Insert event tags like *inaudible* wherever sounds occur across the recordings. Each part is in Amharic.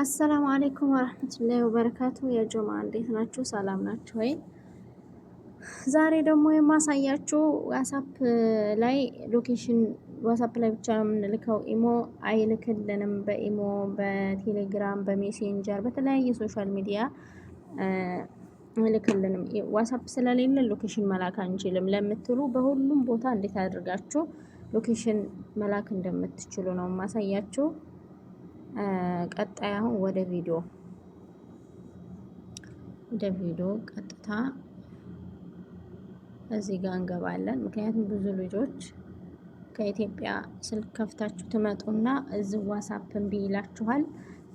አሰላሙ አሌይኩም ወረህመቱላሂ ወበረካቱ። የጆማ እንዴት ናችሁ? ሰላም ናችሁ ወይ? ዛሬ ደግሞ የማሳያችሁ ዋሳፕ ላይ ሎኬሽን ዋሳፕ ላይ ብቻ ነው የምንልከው። ኢሞ አይልክልንም። በኢሞ በቴሌግራም በሜሴንጀር በተለያየ ሶሻል ሚዲያ አይልክልንም። ዋሳፕ ስለሌለ ሎኬሽን መላክ አንችልም ለምትሉ በሁሉም ቦታ እንዴት አድርጋችሁ ሎኬሽን መላክ እንደምትችሉ ነው የማሳያችሁ። ቀጣይ አሁን ወደ ቪዲዮ ወደ ቪዲዮ ቀጥታ እዚህ ጋር እንገባለን። ምክንያቱም ብዙ ልጆች ከኢትዮጵያ ስልክ ከፍታችሁ ትመጡና እዚ ዋሳፕ ቢላችኋል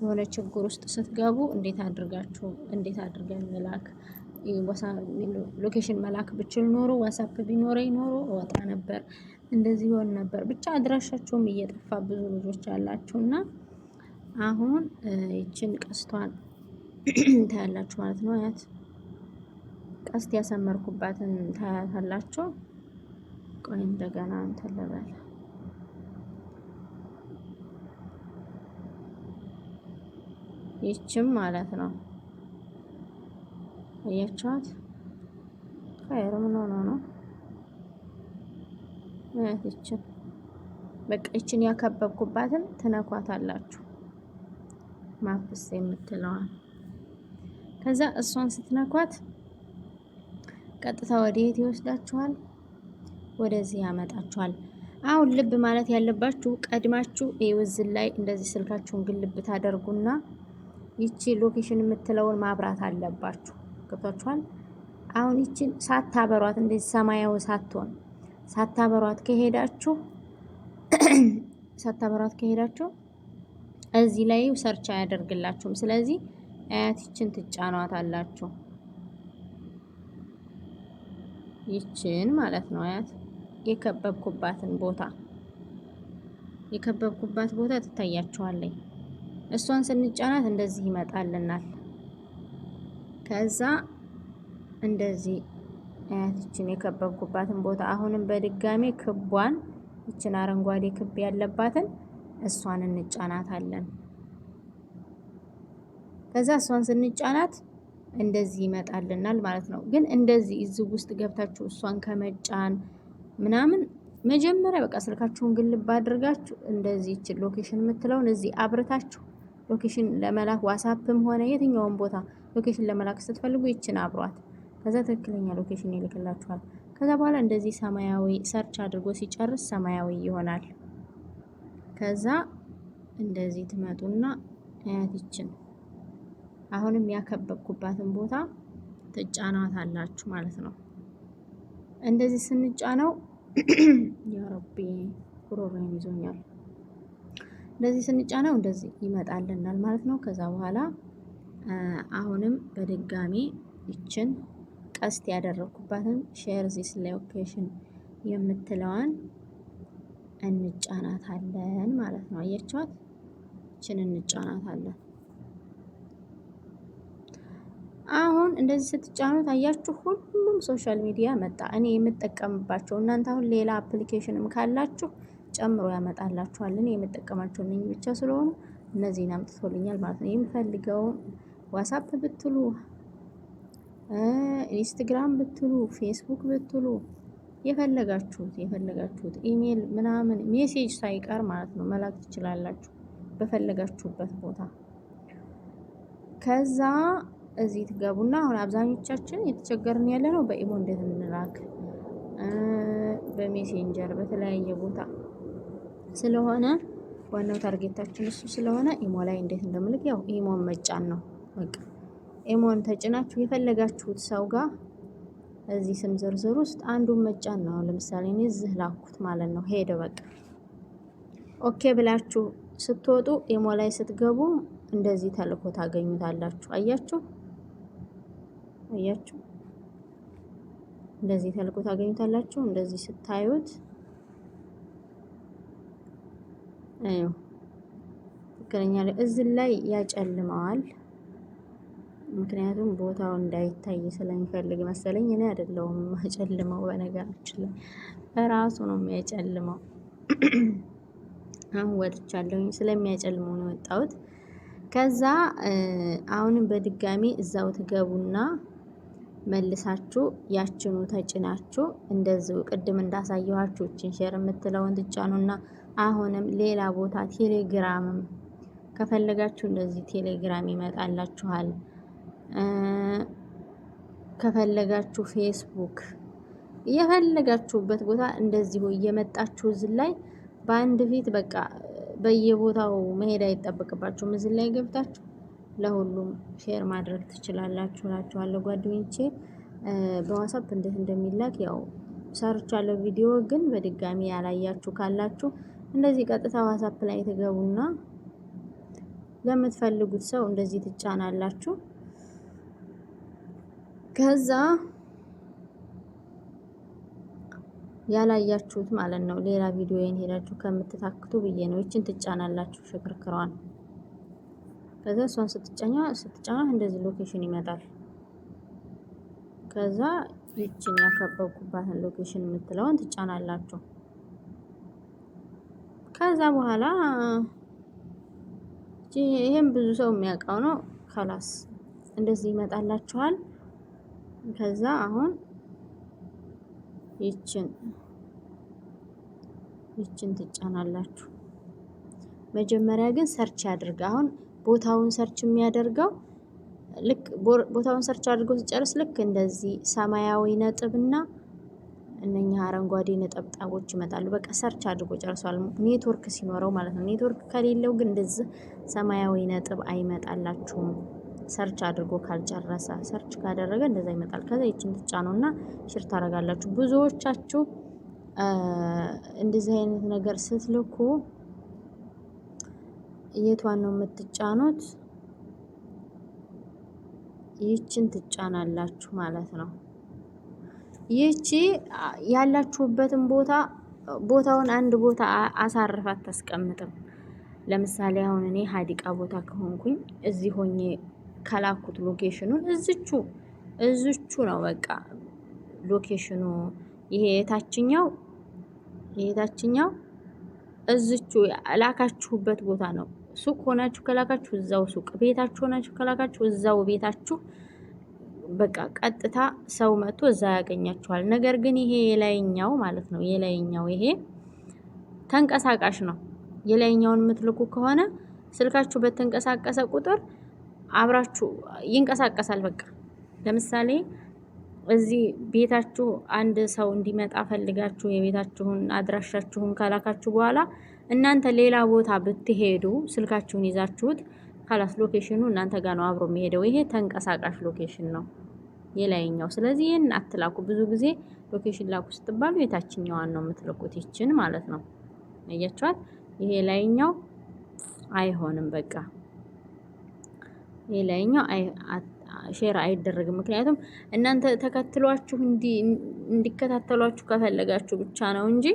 የሆነ ችግር ውስጥ ስትገቡ እንዴት አድርጋችሁ እንዴት አድርገን መላክ ሎኬሽን መላክ ብችል ኖሮ ዋሳፕ ቢኖረኝ ኖሮ እወጣ ነበር፣ እንደዚህ ይሆን ነበር። ብቻ አድራሻችሁም እየጠፋ ብዙ ልጆች አላችሁና አሁን ይችን ቀስቷን ታያላችሁ ማለት ነው። አያት ቀስት ያሰመርኩባትን ታያታላችሁ። ቆይ እንደገና እንትን ልበል። ይችም ማለት ነው እያቸዋት ከይር ምን ሆኖ ነው አያት ይችን በቃ ይችን ያከበብኩባትን ትነኳታላችሁ። ማፍስ የምትለዋል። ከዛ እሷን ስትነኳት ቀጥታ ወደየት ይወስዳችኋል? ወደዚህ ያመጣችኋል። አሁን ልብ ማለት ያለባችሁ ቀድማችሁ ይውዝን ላይ እንደዚህ ስልካችሁን ግን ታደርጉና ይቺ ሎኬሽን የምትለውን ማብራት አለባችሁ። ገብቷችኋል? አሁን ይቺን ሳታበሯት እንደዚህ ሰማያዊ ሳትሆን ሳታበሯት ከሄዳችሁ *clears throat* ሳታበሯት ከሄዳችሁ እዚህ ላይ ሰርች አያደርግላችሁም። ስለዚህ አያትችን ትጫኗት አላችሁ ይችን ማለት ነው። አያት የከበብኩባትን ቦታ የከበብኩባት ቦታ ትታያችኋለኝ። እሷን ስንጫናት እንደዚህ ይመጣልናል። ከዛ እንደዚህ አያትችን የከበብኩባትን ቦታ አሁንም በድጋሚ ክቧን ይችን አረንጓዴ ክብ ያለባትን እሷን እንጫናታለን። ከዛ እሷን ስንጫናት እንደዚህ ይመጣልናል ማለት ነው። ግን እንደዚህ እዚህ ውስጥ ገብታችሁ እሷን ከመጫን ምናምን መጀመሪያ በቃ ስልካችሁን ግልብ አድርጋችሁ እንደዚህ ይችል ሎኬሽን የምትለውን እዚህ አብርታችሁ ሎኬሽን ለመላክ ዋሳፕም ሆነ የትኛውን ቦታ ሎኬሽን ለመላክ ስትፈልጉ ይችን አብሯት። ከዛ ትክክለኛ ሎኬሽን ይልክላችኋል። ከዛ በኋላ እንደዚህ ሰማያዊ ሰርች አድርጎ ሲጨርስ ሰማያዊ ይሆናል። ከዛ እንደዚህ ትመጡና አያትችን አሁንም ያከበብኩባትን ቦታ ትጫናት አላችሁ ማለት ነው። እንደዚህ ስንጫነው *clears throat* ያረቢ ጉሮሮን ይዞኛል። እንደዚህ ስንጫነው እንደዚህ ይመጣልናል ማለት ነው። ከዛ በኋላ አሁንም በድጋሚ ይችን ቀስት ያደረግኩባትን ሼር ዚስ ሎኬሽን የምትለዋን እንጫናታለን ማለት ነው። አያችኋት? ይችን እንጫናታለን። አሁን እንደዚህ ስትጫኑት አያችሁ፣ ሁሉም ሶሻል ሚዲያ መጣ። እኔ የምጠቀምባቸው እናንተ አሁን ሌላ አፕሊኬሽንም ካላችሁ ጨምሮ ያመጣላችኋል። እኔ የምጠቀማቸው እነኝ ብቻ ስለሆኑ እነዚህን አምጥቶልኛል ማለት ነው። የምፈልገው ዋትሳፕ ብትሉ፣ ኢንስትግራም ብትሉ፣ ፌስቡክ ብትሉ የፈለጋችሁት የፈለጋችሁት ኢሜል ምናምን ሜሴጅ ሳይቀር ማለት ነው መላክ ትችላላችሁ በፈለጋችሁበት ቦታ። ከዛ እዚህ ትገቡና አሁን አብዛኞቻችን የተቸገርን ያለ ነው በኢሞ እንዴት እንላክ በሜሴንጀር በተለያየ ቦታ ስለሆነ ዋናው ታርጌታችን እሱ ስለሆነ ኢሞ ላይ እንዴት እንደምልክ ያው ኢሞን መጫን ነው። በቃ ኢሞን ተጭናችሁ የፈለጋችሁት ሰው ጋር እዚህ ስም ዝርዝር ውስጥ አንዱን መጫን ነው። ለምሳሌ እኔ እዚህ ላኩት ማለት ነው። ሄደ በቃ ኦኬ ብላችሁ ስትወጡ ኢሞ ላይ ስትገቡ እንደዚህ ተልኮ ታገኙታላችሁ። አያችሁ አያችሁ፣ እንደዚህ ተልኮ ታገኙታላችሁ። እንደዚህ ስታዩት አዩ ትክክለኛ ላይ ላይ ያጨልመዋል። ምክንያቱም ቦታው እንዳይታይ ስለሚፈልግ መሰለኝ። እኔ አይደለሁም የማጨልመው፣ በነገራችን ላይ እራሱ ነው የሚያጨልመው። አሁን ወጥቻለሁኝ፣ ስለሚያጨልመው ነው የወጣሁት። ከዛ አሁንም በድጋሚ እዛው ትገቡና መልሳችሁ ያችኑ ተጭናችሁ እንደዚሁ ቅድም እንዳሳየኋችሁ እችን ሼር የምትለውን ትጫኑና አሁንም ሌላ ቦታ ቴሌግራምም ከፈለጋችሁ እንደዚህ ቴሌግራም ይመጣላችኋል። ከፈለጋችሁ ፌስቡክ የፈለጋችሁበት ቦታ እንደዚሁ እየመጣችሁ እዚህ ላይ በአንድ ፊት በቃ በየቦታው መሄድ አይጠበቅባችሁም። እዚህ ላይ ገብታችሁ ለሁሉም ሼር ማድረግ ትችላላችሁ እላችኋለሁ ጓደኞቼ። በዋሳፕ እንዴት እንደሚላክ ያው ሰርቻለሁ ቪዲዮ፣ ግን በድጋሚ ያላያችሁ ካላችሁ እንደዚህ ቀጥታ ዋሳፕ ላይ ትገቡና ለምትፈልጉት ሰው እንደዚህ ትጫናላችሁ። ከዛ ያላያችሁት ማለት ነው ሌላ ቪዲዮዬን ሄዳችሁ ከምትታክቱ ብዬ ነው። ይችን ትጫናላችሁ ሽክርክሯን። ከዛ እሷን ስትጫኛ ስትጫና እንደዚህ ሎኬሽን ይመጣል። ከዛ ይችን ያከበብኩባትን ሎኬሽን የምትለውን ትጫናላችሁ። ከዛ በኋላ ይህም ብዙ ሰው የሚያውቀው ነው። ከላስ እንደዚህ ይመጣላችኋል። ከዛ አሁን ይችን ይችን ትጫናላችሁ። መጀመሪያ ግን ሰርች ያድርግ። አሁን ቦታውን ሰርች የሚያደርገው ልክ ቦታውን ሰርች አድርጎ ሲጨርስ ልክ እንደዚህ ሰማያዊ ነጥብ እና እነኛ አረንጓዴ ነጠብጣቦች ይመጣሉ። በቃ ሰርች አድርጎ ጨርሷል። ኔትወርክ ሲኖረው ማለት ነው። ኔትወርክ ከሌለው ግን እንደዚህ ሰማያዊ ነጥብ አይመጣላችሁም። ሰርች አድርጎ ካልጨረሰ ሰርች ካደረገ እንደዛ ይመጣል። ከዛ ይችን እና ሽር ታደርጋላችሁ። ብዙዎቻችሁ እንደዚህ አይነት ነገር ስትልኩ የቷን ነው የምትጫኑት? ይችን ትጫናላችሁ ማለት ነው። ይቺ ያላችሁበትን ቦታ ቦታውን አንድ ቦታ አሳርፋት አታስቀምጥም። ለምሳሌ አሁን እኔ ሀዲቃ ቦታ ከሆንኩኝ እዚህ ሆኜ ከላኩት ሎኬሽኑን እዝቹ እዝቹ ነው በቃ ሎኬሽኑ ይሄ የታችኛው ይሄ የታችኛው እዝቹ ላካችሁበት ቦታ ነው። ሱቅ ሆናችሁ ከላካችሁ እዛው ሱቅ፣ ቤታችሁ ሆናችሁ ከላካችሁ እዛው ቤታችሁ በቃ ቀጥታ ሰው መጥቶ እዛ ያገኛችኋል። ነገር ግን ይሄ የላይኛው ማለት ነው የላይኛው ይሄ ተንቀሳቃሽ ነው። የላይኛውን የምትልኩ ከሆነ ስልካችሁ በተንቀሳቀሰ ቁጥር አብራችሁ ይንቀሳቀሳል። በቃ ለምሳሌ እዚህ ቤታችሁ አንድ ሰው እንዲመጣ ፈልጋችሁ የቤታችሁን አድራሻችሁን ከላካችሁ በኋላ እናንተ ሌላ ቦታ ብትሄዱ ስልካችሁን ይዛችሁት ካላስ ሎኬሽኑ እናንተ ጋር ነው አብሮ የሚሄደው። ይሄ ተንቀሳቃሽ ሎኬሽን ነው የላይኛው። ስለዚህ ይህን አትላኩ። ብዙ ጊዜ ሎኬሽን ላኩ ስትባሉ የታችኛዋን ነው የምትልኩት፣ ይችን ማለት ነው። አያችኋት? ይሄ ላይኛው አይሆንም በቃ የላይኛው ሼር አይደረግም። ምክንያቱም እናንተ ተከትሏችሁ እንዲከታተሏችሁ ከፈለጋችሁ ብቻ ነው እንጂ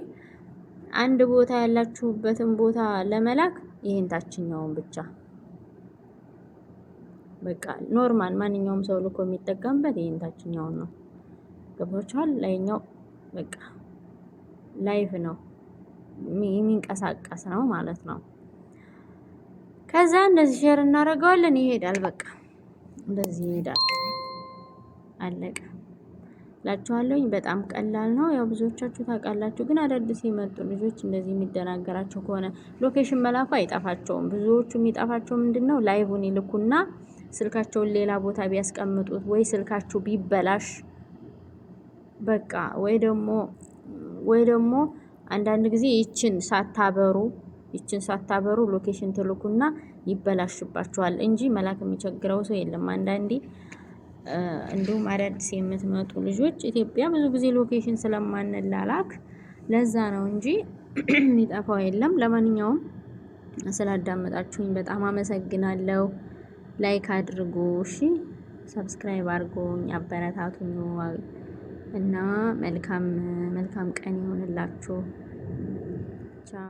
አንድ ቦታ ያላችሁበትን ቦታ ለመላክ ይህን ታችኛውን ብቻ በቃ ኖርማል ማንኛውም ሰው ልኮ የሚጠቀምበት ይህን ታችኛውን ነው። ገብቷችኋል? ላይኛው በቃ ላይፍ ነው የሚንቀሳቀስ ነው ማለት ነው። ከዛ እንደዚህ ሼር እናደርገዋለን። ይሄዳል በቃ እንደዚህ ይሄዳል። አለቀ ላችኋለሁኝ። በጣም ቀላል ነው። ያው ብዙዎቻችሁ ታውቃላችሁ፣ ግን አዳዲስ የመጡ ልጆች እንደዚህ የሚደናገራቸው ከሆነ ሎኬሽን መላኩ አይጠፋቸውም። ብዙዎቹ የሚጠፋቸው ምንድን ነው ላይቡን ይልኩና ስልካቸውን ሌላ ቦታ ቢያስቀምጡት ወይ ስልካቸው ቢበላሽ በቃ ወይ ደግሞ ወይ ደግሞ አንዳንድ ጊዜ ይችን ሳታበሩ ይችን ሳታበሩ ሎኬሽን ትልኩና ይበላሽባችኋል እንጂ መላክ የሚቸግረው ሰው የለም። አንዳንዴ እንዲሁም አዳዲስ የምትመጡ ልጆች ኢትዮጵያ ብዙ ጊዜ ሎኬሽን ስለማንላላክ ለዛ ነው እንጂ ይጠፋው *clears throat* የለም። ለማንኛውም ስላዳመጣችሁኝ በጣም አመሰግናለሁ። ላይክ አድርጉ፣ እሺ፣ ሰብስክራይብ አድርጉኝ፣ አበረታቱኝ እና መልካም መልካም ቀን ይሆንላችሁ። ቻው።